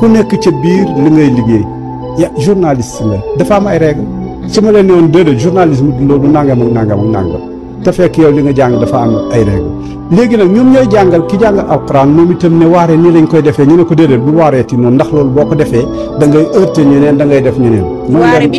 ku nekk ca biir li ngay liggéey ya journaliste la dafa am ay règle su ma leen ne woon déedéet journalisme du loolu nangam ak nangam ak nangam te fekk yow li nga jàng dafa am ay règle léegi nag ñoom ñooy jàngal ki jàng alquran moom itam ne waare nii lañ koy defee ñu ne ko déedéet bu waareeti noonu ndax loolu boo ko defee da ngay heurter ñeneen da ngay def ñeneen